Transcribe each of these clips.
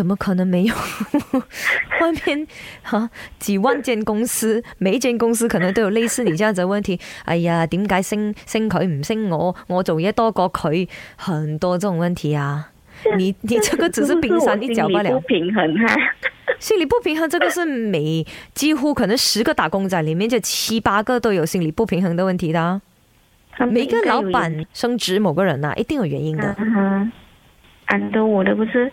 怎麼可能沒有？呵呵，外面哈、啊、幾萬間公司，每一間公司可能都有類似你這樣子問題。哎呀，點解升升佢唔升我？我做嘢多過佢，很多這種問題啊！這你你這個只是冰山一角，你受不了。心理不平衡哈，心理不平衡、啊，平衡這個是每幾乎可能十個打工仔裏面就七八個都有心理不平衡的問題的、啊。每個老闆升職某個人啊，一定有原因的。我的不是。Huh.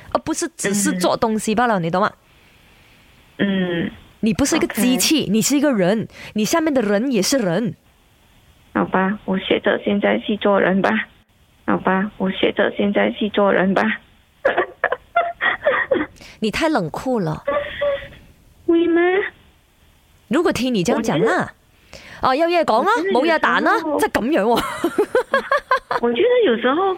而、啊、不是只是做東西罷了，嗯、你懂嗎？嗯，你不是一個機器，Okay. 你是一個人，你下面的人也是人。好吧，我學着現在去做人吧。好吧，我學着現在去做人吧。 你太冷酷了。會嗎？如果聽你這樣講啦、啊，哦、啊，有嘢講啦、啊，冇嘢打啦，即咁樣。我覺得有時候。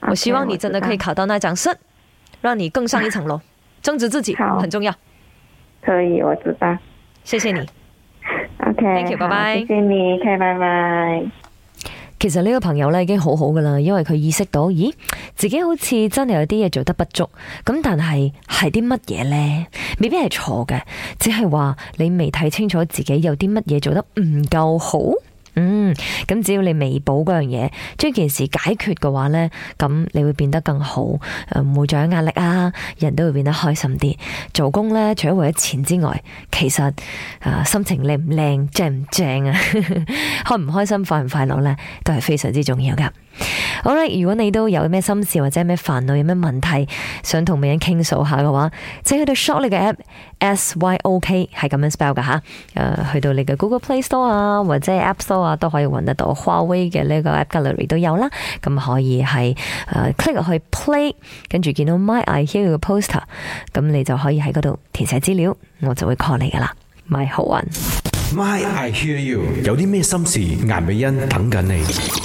我希望你真的可以考到那張證，okay，讓你更上一層樓，增值，啊、自己好很重要。可以，我知道，謝謝你。OK，thank Okay, you，拜拜。謝謝你，OK，拜拜。Okay, bye bye。其實呢個朋友呢已經好好噶啦，因為佢意識到，咦，自己好似真係有啲嘢做得不足。咁但係係啲乜嘢呢？未必係錯嘅，只係話你未睇清楚自己有啲乜嘢做得唔夠好。咁、嗯、只要你彌補嗰樣嘢，將件事解決嘅話呢，咁你會變得更好，誒，唔會再有壓力啊，人都會變得開心啲。做工呢，除咗為咗錢之外，其實啊，心情靚唔靚、正唔正啊、 開唔開心、快唔快樂呢，都係非常之重要噶。好啦，Alright, 如果你都有咩心事或者咩煩惱、有咩問題，想同美欣傾訴下嘅話，請去到 short 呢個 app，SYOK 係咁樣 spell 噶吓。誒、啊，去到你嘅 Google Play Store 啊，或者 App Store 啊，都可以揾得到華為嘅呢個 app gallery 都有啦。咁可以係誒 click 去 play，跟住見到 My I Hear You 嘅 poster，咁你就可以喺嗰度填寫資料，我就會 call 你噶啦。My 好運。My I Hear You 有啲咩心事？顏美欣等緊你。